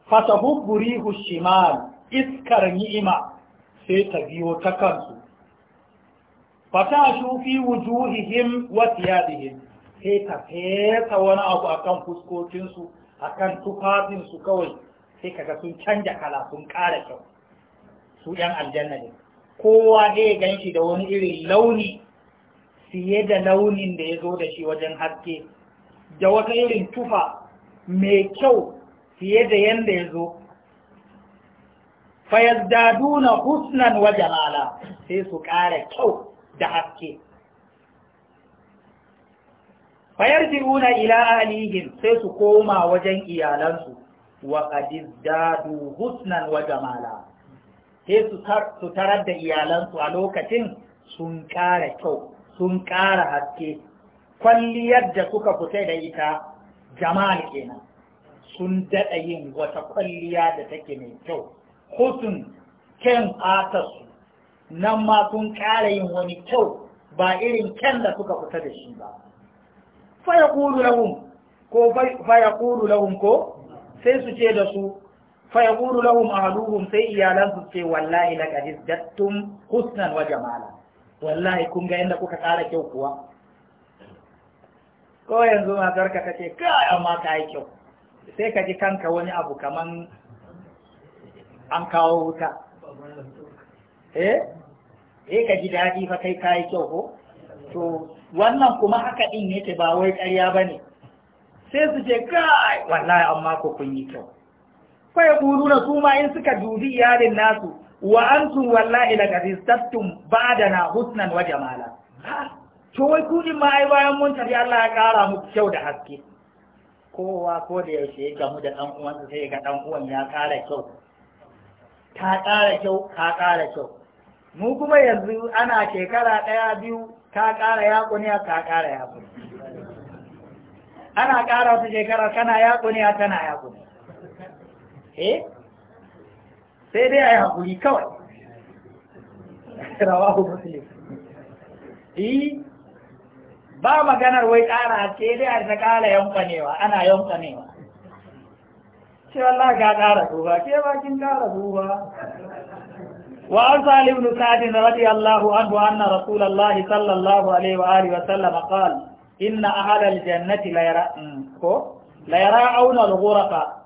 [SPEAKER 1] fasahubburi hushimar iskar ni'ima sai ta biyo ta kansu fata shufi wujuhihim wa siyadihim sai ta fesa wani abu a kan fuskokinsu akan tufafinsu kawai sai kaga sun canja kala sun ƙara kyau su ‘yan aljanna ne kowa dai ya gan shi da wani irin launi fiye da launin da ya zo da shi wajen haske da wata irin tufa mai kyau fiye da yadda ya zo Fayar daduna husnan wa jamala sai su ƙara kyau da haske fayar ila alihin sai su koma wajen iyalansu wa dadu husnan wa jamala sai su tarar da iyalansu a lokacin sun ƙara kyau sun ƙara haske kwalliyar da suka fita da ita jama'al kenan sun daɗa yin wata kwalliya da take mai kyau hutun ken su nan ma sun ƙara yin wani kyau ba irin ken da suka fita da shi ba faya ko faya ƙuru lahun ko sai su ce da su fa ya yaqulu lahum ahaduhum sai iyalan su ce wallahi laqad izdattum husnan wa jamala wallahi kun ga yanda kuka tsara kyau kuwa ko yanzu matar ka kace kai amma ka yi kyau sai ka ji kanka wani abu kaman an kawo wuta eh eh ka ji daɗi fa kai ka yi kyau ko to wannan kuma haka din yake ba wai ƙarya ne. sai su ce kai wallahi amma ko kun yi kyau fa yaquluna su ma in suka dubi iyalin nasu wa antum wallahi laqad da ba'dana husnan wa jamala to wai kudin ma ai bayan mun tafi Allah ya kara mu kyau da haske kowa ko da yaushe ya gamu da ɗan uwansa sai ga ɗan uwan ya ƙara kyau ta ƙara kyau ka ƙara kyau mu kuma yanzu ana shekara ɗaya biyu ka ƙara yaƙuniya ka ƙara yaƙuniya ana ƙara wata shekara kana yaƙuniya tana yaƙuniya eh sai dai a yi haƙuri kawai rawahu muslim yi e, ba maganar wai ƙara ce dai a ta ƙara yankanewa ana yankanewa ce wallah ga ƙara duba ce bakin ƙara duba wa an salim ibn sa'd radiyallahu anhu anna rasulullah sallallahu alaihi wa alihi wa sallam qala inna ahla al-jannati la yara hmm, ko la yara auna al-ghurafa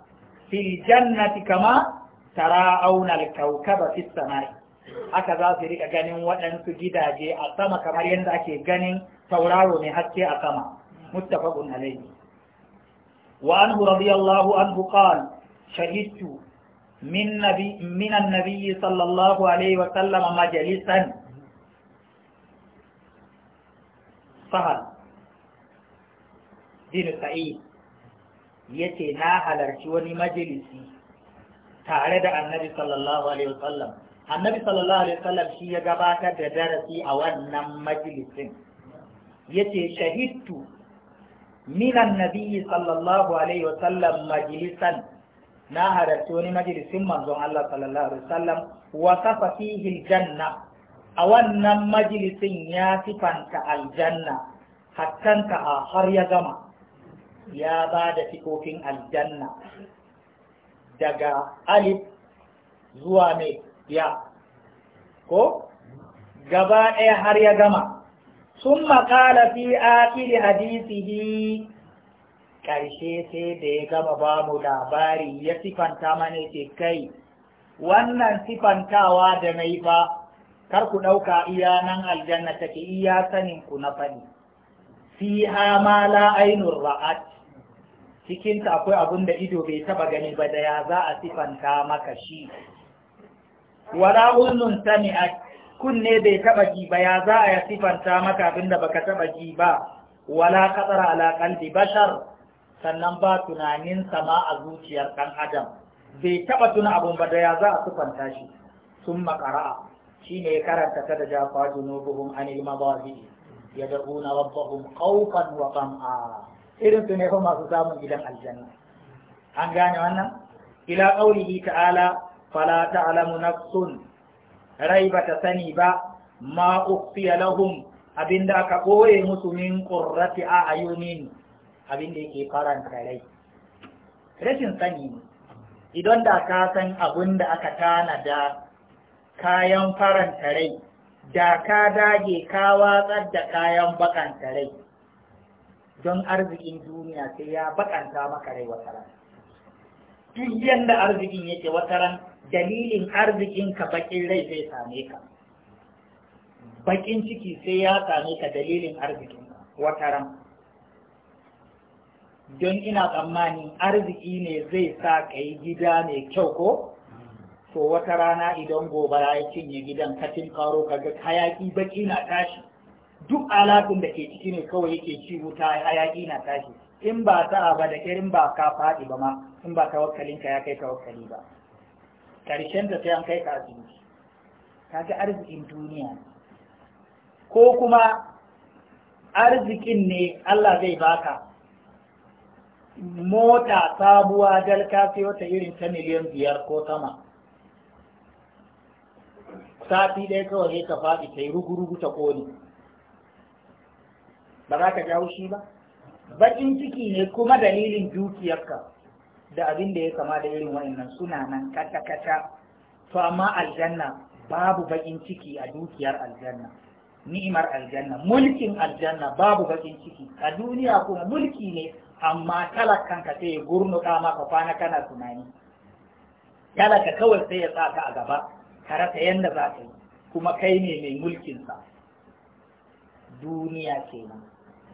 [SPEAKER 1] fil jannati kama tara'auna al-kawkaba fis sama'i haka za su rika ganin waɗansu gidaje a sama kamar yadda ake ganin tauraro mai haske a sama muttafaqun alayhi wa anhu radiyallahu anhu qala shahidtu min nabi min an sallallahu Alaihi wa sallam majlisan sahal din sa'id yace na halarci wani majalisi tare da annabi sallallahu alaihi wasallam annabi sallallahu alaihi wasallam shi ya gabatar da darasi a wannan majalisin yace shahidtu min annabi sallallahu alaihi wasallam majlisan na halarci wani majalisin manzon Allah sallallahu alaihi wasallam wa safa fihi aljanna a wannan majalisin ya sifanta aljanna hatta ka har ya gama ya ba da fikofin aljanna daga alif zuwa mai ya ko gaba ɗaya har ya gama sun makala fi hadisi hadisihi ƙarshe sai da ya gama ba mu labari ya sifanta mana ce kai wannan sifantawa da mai ba kar ku ɗauka iya nan aljanna take iya sanin ku na faɗi ha ma la ra'at cikinta akwai abin da ido bai taba gani ba da ya za a sifanta maka shi wala ullun sami'at kunne bai taba ji ba ya za a sifanta maka abin da baka taba ji ba wala qadara ala qalbi bashar sannan ba tunanin sama a zuciyar dan adam bai taba tuna abun ba da ya za a sifanta shi sun makara'a shi ne karanta ta da jafa junubuhum anil ya yad'una rabbahum khawfan wa qam'a irin su ne fa masu samun gidan aljanna an gane wannan ila qaulihi ta'ala fala ta'lamu nafsun rai ta sani ba ma ukhfiya lahum abinda aka ɓoye musu min qurrati a'yunin abinda yake faranta rai rashin sani idan da ka san abin da aka tanada kayan faranta rai da ka dage ka watsar da kayan bakan rai don arzikin duniya sai ya bakanta maka rai wata ran duk yanda arzikin yake wata ran dalilin arzikin ka bakin rai zai same ka bakin ciki sai ya same ka dalilin arzikin wata ran don ina tsammanin arziki ne zai sa ka yi gida mai kyau ko to wata rana idan gobara ya cinye gidan ka karo ka ga hayaki baki na tashi duk alaƙin da ke ciki ne kawai yake ci wuta hayaƙi na tashi in ba ta ba da irin ba ka faɗi ba ma in ba tawakkalin ka ya kai tawakkali ba karshen ta sai an kai ka asibiti ga arzikin duniya ko kuma arzikin ne Allah zai baka mota sabuwa dalka sai wata irin ta miliyan biyar ko sama sati ɗaya kawai ka faɗi ta yi rugu ta ƙone ba za ka jawo shi ba Baƙin ciki ne kuma dalilin dukiyarka da abin da ya kama da irin wa'annan suna nan kata-kata to amma aljanna babu baƙin ciki a dukiyar aljanna ni'imar aljanna mulkin aljanna babu baƙin ciki a duniya kuma mulki ne amma talakan ka sai ya gurnuka maka kwana kana tunani talaka kawai sai ya sa ka a gaba ka rasa yadda za ka yi kuma kai ne mai mulkinsa duniya kenan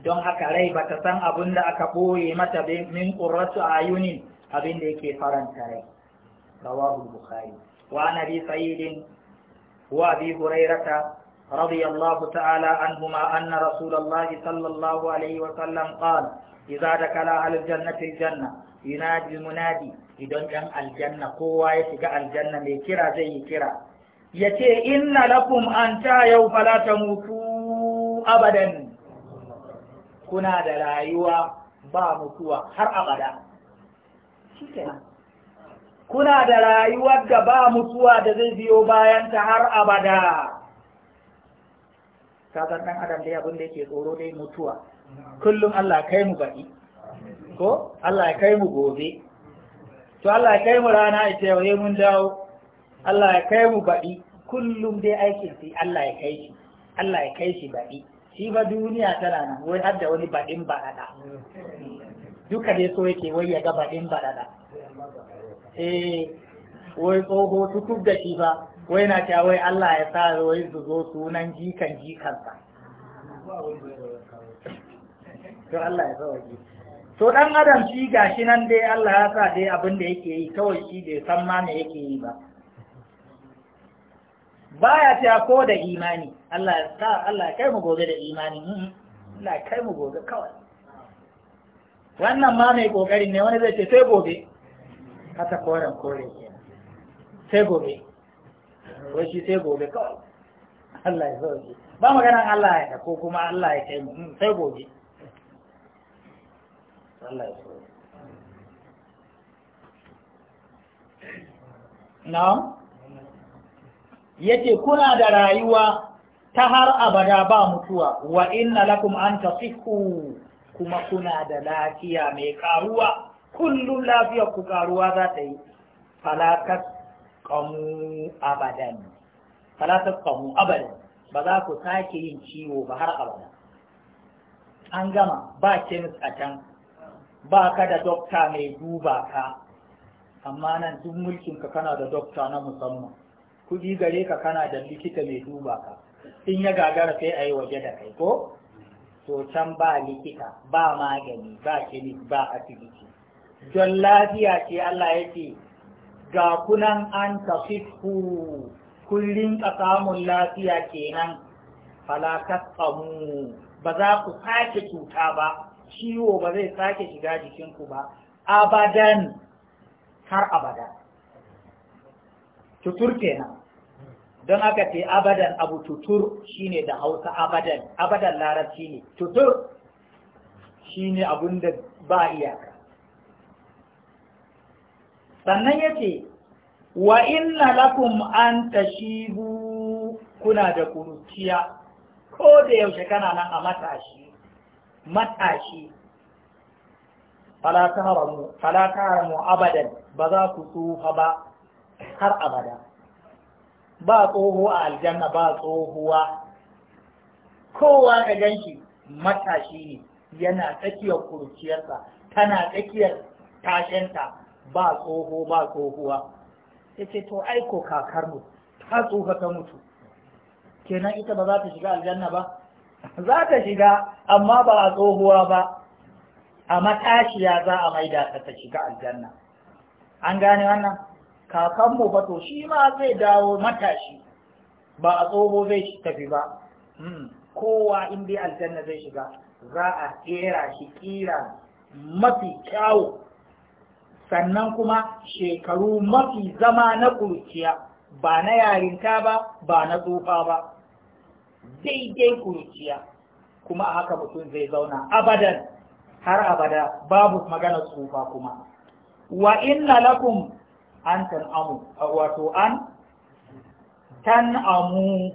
[SPEAKER 1] don haka rai ba ta san abin da aka ɓoye mata min ƙurratu a yunin abin da yake faranta rai rawahu bukhari wa nabi sa'idin wa abi hurairata radiyallahu ta'ala anhuma anna rasulullahi sallallahu alaihi wa sallam qala idza dakala al aljanna janna yunadi munadi idan dan aljanna kowa ya shiga aljanna mai kira zai yi kira yace inna lakum anta yau fala tamutu abadan kuna da rayuwa ba mutuwa har abada kuna da rayuwar da ba mutuwa da zai biyo bayan ta har abada kasan ɗan adam dai abin da yake tsoro dai mutuwa kullum Allah kai mu baki ko Allah kai mu gobe to Allah kai mu rana ita yau mun dawo Allah kai mu baki kullum dai aikin fi Allah ya kai shi Allah ya kai shi baki shi ba duniya tana nan wai har wani baɗin baɗaɗa duka dai so yake wai ya ga baɗin baɗaɗa eh wai tsoho tutuk da shi ba wai na cewa wai Allah ya sa wai su zo sunan jikan jikansa to Allah ya sa to dan adam shi gashi nan dai Allah ya sa dai abin da yake yi kawai shi bai san ma me yake yi ba baya cewa ko da imani Allah ya sa Allah ya kai mu gobe da imani Allah ya kai mu gobe kawai wannan ma mai kokari ne wani zai ce sai gobe Kata koren kore kenan sai gobe wai shi sai gobe kawai Allah ya sauke ba maganan Allah ya ko kuma Allah ya kai mu mm, sai gobe Allah ya sauke na'am yace kuna da rayuwa ta har abada ba mutuwa wa inna lakum an tasihu kuma kuna da lafiya mai karuwa kullum lafiyar ku karuwa za ta yi falakat kamu abadan falakat kamu abadan ba za ku sake yin ciwo ba har abada an gama ba kemis a can ba ka da dokta mai duba ka amma nan duk mulkinka kana da dokta na musamman kuɗi gare ka kana da likita mai duba ka in ya gagara sai a yi waje da kai ko to can ba likita ba magani ba clinic ba asibiti don lafiya ce Allah ya ce ga kunan an tafifu kullum ka samun lafiya kenan fala tasamu ba za ku sake cuta ba ciwo ba zai sake shiga jikinku ba abadan har abada tuturke nan don haka ce abadan abu tutur shine da hausa abadan abadan larabci ne tutur shine abun da ba iyaka sannan ya ce wa inna lakum an tashibu kuna da kuruciya ko da yaushe kana nan a matashi matashi fala haramu abadan ba za ku tsufa ba har abada ba tsoho a aljanna ba tsohuwa kowa ka ganshi matashi ne yana tsakiyar kurciyarsa tana tsakiyar tashinta ba tsoho ba tsohuwa ta ce to aiko kakar mu ta tsufa ta mutu kenan ita ba za ta shiga aljanna ba za ta shiga amma ba a tsohuwa ba a matashiya za a maida ta shiga aljanna an gane wannan kakanmu ba to shi ma zai dawo matashi ba a tsoho zai tafi ba hmm. kowa in dai aljanna zai shiga za a kera shi kira mafi kyawu sannan kuma shekaru mafi zama na kurciya ba na yarinta ba ba na tsufa ba daidai kurciya kuma a haka mutum zai zauna abadan har abada babu maganar tsufa kuma wa inna lakum an tan'amu wato an tan'amu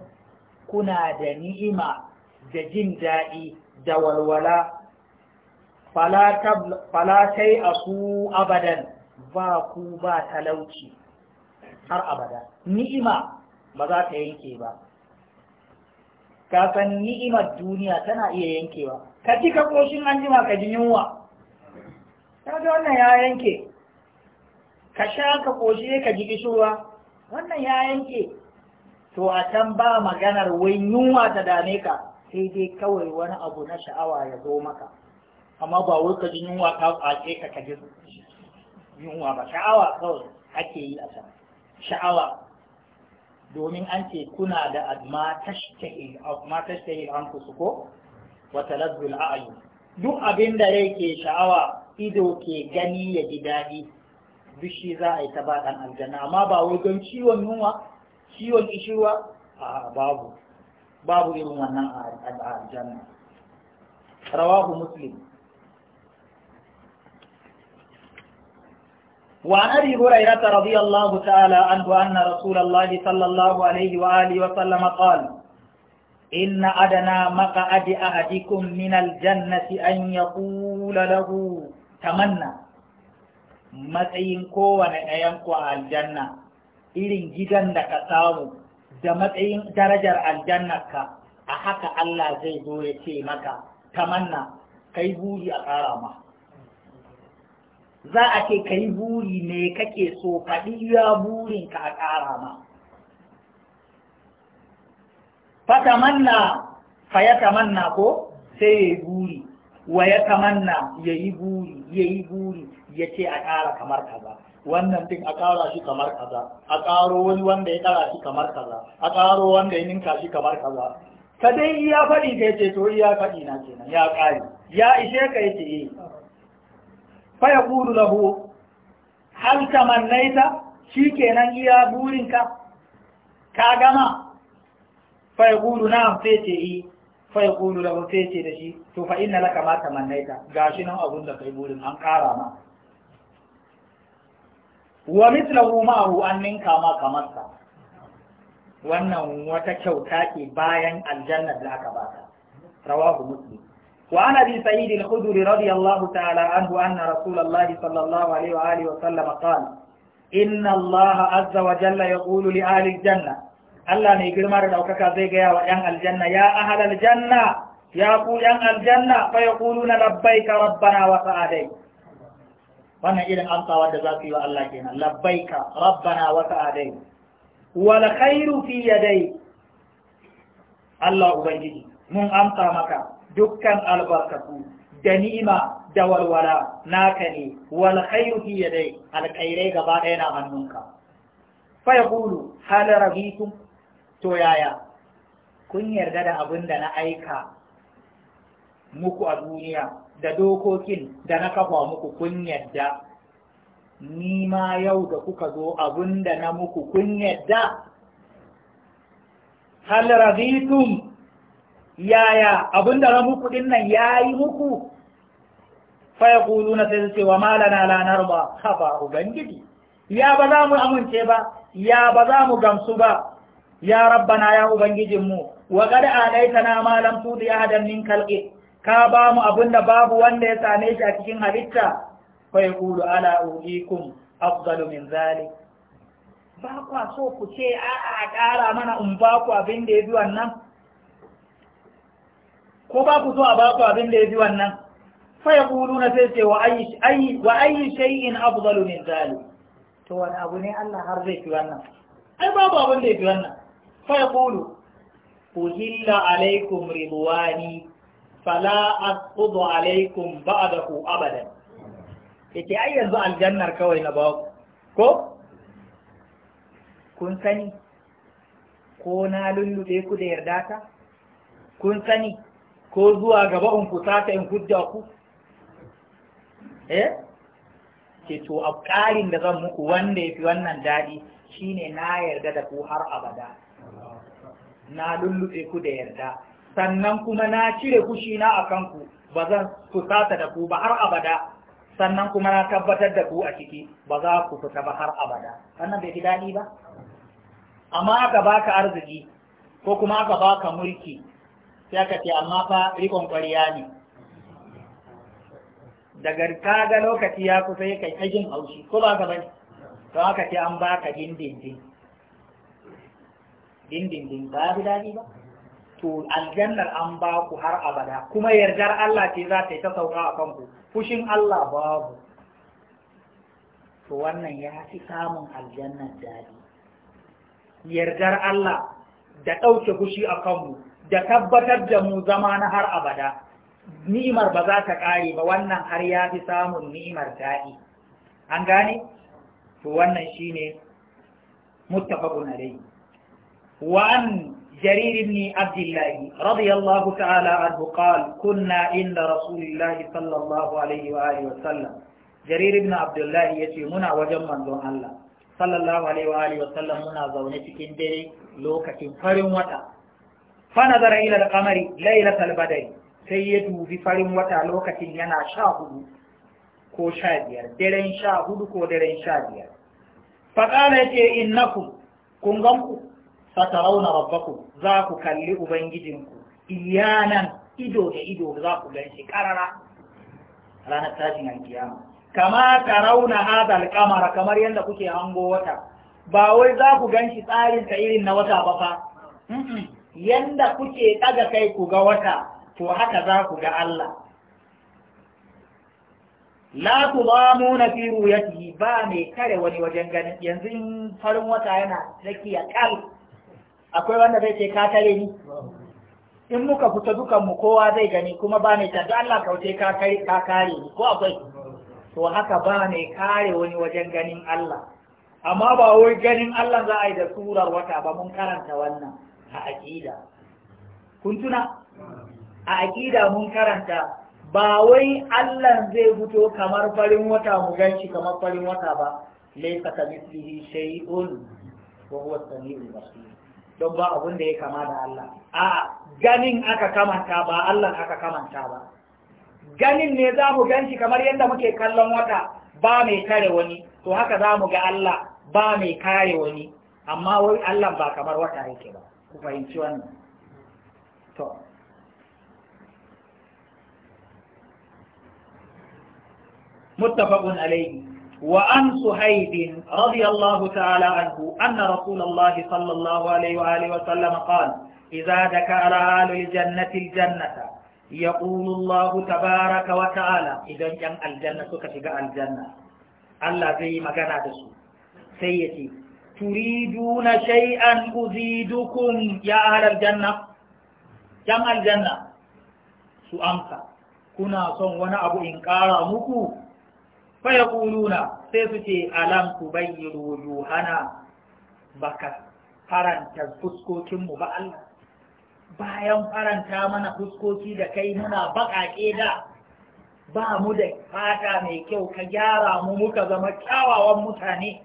[SPEAKER 1] kuna da ni'ima da jin daɗi da walwala falatai a su abadan ba ku ba talauci har abada ni'ima ba za ta yanke ba kasan ni'imar duniya tana iya yankewa ka ci ka koshin an jima ka ji yunwa ta wannan ya yanke ka sha ka koshe ka ji kishirwa wannan ya yanke to a can ba maganar wai yunwa ta dame ka sai dai kawai wani abu na sha'awa ya zo maka amma ba wai ka ji yunwa ka ake ka ka ji yunwa ba sha'awa kawai ake yi a can sha'awa domin an ce kuna da ma tashtahi an kusu ko wata lazzul a'ayi. duk abin da rai ke sha'awa ido ke gani ya ji daɗi bishi za a yi ta ba ɗan aljanna amma ba wai don ciwon yunwa ciwon ishirwa a babu babu irin wannan a aljanna rawahu muslim وعن أبي هريرة رضي الله تعالى عنه أن رسول الله صلى الله عليه وآله وسلم قال إن أدنى مقعد أحدكم من الجنة أن يقول له تمنى matsayin kowane ɗayan ku a aljanna irin gidan da ka samu da matsayin darajar aljannarka a haka Allah zai zo ya ce maka tamanna kai buri a ƙara ma za a ce kai buri ne kake so faɗi ya burinka a ƙara ma manna fa ya tamanna ko sai ya yi buri wa ya tamanna ya yi buri ya yi buri ya ce a ƙara kamar kaza wannan din a ƙara shi kamar kaza a ƙaro wani wanda ya ƙara shi kamar kaza a ƙaro wanda ya ninka shi kamar kaza ka dai iya faɗi ka yace to iya faɗi na kenan ya ƙari ya ishe ka yace eh fa har lahu hal tamannaita shikenan iya burinka ka gama fa yaqulu na'am sai ce eh fa yaqulu lahu sai ce da shi to fa inna laka ma tamannaita gashi nan abun da kai burin an ƙara ma wa mislahu ma'ahu an ninka ma kamar sa wannan wata kyauta ke bayan aljanna da aka baka rawahu muslim وعن ابي سعيد الخدري رضي الله تعالى عنه ان رسول الله صلى الله عليه inna وسلم azza wa Jalla عز وجل يقول لاهل Allah mai girma da ɗaukaka zai gaya wa ‘yan aljanna, ya ahal janna? ya ku ‘yan aljanna, fa ya na labbai ka rabbana wa sa'adai. wannan irin amsawa da za su yi wa Allah kenan labbaika rabbana wa sa'adai wal khairu fi yadai Allah ubangiji mun amsa maka dukkan albarkatu da ni'ima da walwala naka ne wal khairu fi yadai alkhairai gaba ɗaya na hannunka fa yaqulu hal rabitum to yaya kun yarda da abin da na aika muku a duniya da dokokin da na kafa muku kun yadda ni ma yau da kuka zo abun da na muku kun yadda hal raditum yaya abun da na muku din nan yayi muku fa yaquluna sai su ce wa malana la narba haba ubangiji ya ba za mu amince ba ya ba za mu gamsu ba ya rabbana ya ubangijinmu wa qad alaitana ma lam tudi ahadan min khalqik ka ba mu abin da babu wanda ya same shi a cikin halitta fai kulu ala ulikum afdalu min zalik ba kwa so ku ce a a ƙara mana in ba ku abin da ya bi wannan ko ba ku so a ba ku abin da ya bi wannan fa kulu na sai ce wa ayi shay'in afdalu min zalik to wani abu ne Allah har zai fi wannan ai babu abin da ya fi wannan fa yaqulu uhilla alaikum ridwani fala asqudu alaikum ba'dahu abadan yake ai yanzu aljannar kawai na ba ko kun sani ko na lulluɗe ku da yarda ta kun sani ko zuwa gaba in ku fusata in hujja ku eh Ke to a ƙarin da zan muku wanda ya fi wannan daɗi shine na yarda da ku har abada na lulluɗe ku da yarda sannan kuma na cire kushina a kanku ba zan fusata da ku ba har abada sannan kuma na tabbatar da ku a ciki ba za ku fita ba har abada wannan bai fi daɗi ba amma aka baka arziki ko kuma aka baka mulki sai aka ce amma fa rikon ƙwariya ne daga ga lokaci ya kusa ya kai ajin haushi ko ba ka bane to aka ce an baka dindindin dindindin ba ya fi daɗi ba to aljannar an ba ku har abada kuma yardar Allah ce za ta yi ta sauka a kanku fushin Allah babu to wannan ya fi samun aljannar daɗi yardar Allah da ɗauke fushi a kanmu da tabbatar da mu zama na har abada ni'imar ba za ta ƙare ba wannan har ya fi samun ni'imar daɗi an gane to wannan shine muttafaqun alayhi wa an جرير بن عبد الله رضي الله تعالى عنه قال كنا عند رسول الله صلى الله عليه وآله وسلم جرير بن عبد الله يتي منا وجمع دون الله صلى الله عليه وسلم منا cikin dare lokacin farin wata fanazara ila al-qamari laylatal badri sai ya dubi farin wata lokacin yana sha hudu ko sha biyar daren sha hudu ko daren sha biyar faƙala ce innakum kun gan ku fatarauna rabbakum za ku kalli ubangijinku iyanan ido da ido za ku gan shi karara ranar tashin alkiyama kama rauna hada kamara kamar yadda kuke hango wata ba wai za ku gan shi tsarin irin na wata ba fa Yadda kuke ɗaga kai ku ga wata to haka za ku ga Allah la tudamuna fi ru'yatihi ba mai kare wani wajen ganin yanzu farin wata yana tsakiya kal akwai wanda zai ce ka ni in muka fita dukan mu kowa zai gani kuma ba ne tare Allah ka kare ka kare ni ko akwai to haka ba ne kare wani wajen ganin Allah amma ba wai ganin Allah za a yi da surar wata ba mun karanta wannan a aqida kun tuna a aqida mun karanta ba wai Allah zai fito kamar farin wata mu ganshi kamar farin wata ba laysa kamithlihi shay'un wa huwa as-sami'ul basir don ba abin da ya kama da Allah a ganin aka kamanta ba Allah aka kamanta ba ganin ne za mu shi kamar yadda muke kallon wata ba mai kare wani to haka za mu ga Allah ba mai kare wani amma wai Allah ba kamar wata yake ba ku fahimci wannan to muttafaqun alaihi. وعن سهيد رضي الله تعالى عنه أن رسول الله صلى الله عليه وآله وسلم قال إذا ذكر أهل الجنة الجنة يقول الله تبارك وتعالى إذا كان الجنة كتبع الجنة الله زي ما كان دسو سيتي تريدون شيئا أزيدكم يا أهل الجنة كم الجنة سؤالك كنا صنعنا أبو إنكار مكو fayaquluna sai su ce alam ku wujuhana baka faranta fuskokinmu ba Allah bayan faranta mana fuskoki da kai muna baƙaƙe da ba mu da fata mai kyau ka gyara mu muka zama kyawawan mutane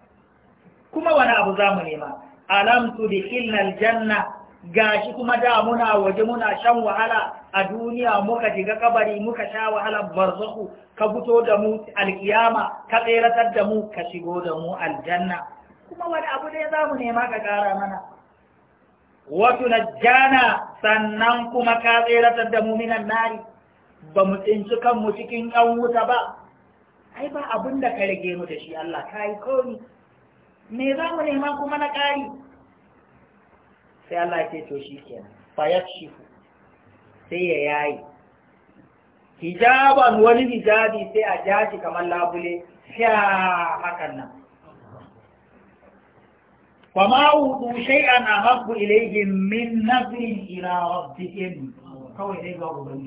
[SPEAKER 1] kuma wani abu za mu nema alam tu dikilna aljanna Ga shi kuma da muna waje muna shan wahala a duniya muka shiga kabari muka sha wahalar barzaku ka fito da mu alkiyama ka tseratar da mu ka shigo da mu aljanna kuma wani abu ne za mu nema ka kara mana wato na jana sannan kuma ka tseratar da mu minan nari ba mu tsinci kanmu cikin yan wuta ba ai ba abin da ka rage mu da shi Allah ka yi komi me za mu nema kuma na ƙari sai Allah ce to shi kenan sai ya yayi hijaban wani hijabi sai a jashi kamar labule sha hakan nan ma wudu shay'an ahabbu ilayhim min nafsi ila rabbihim kawai dai ga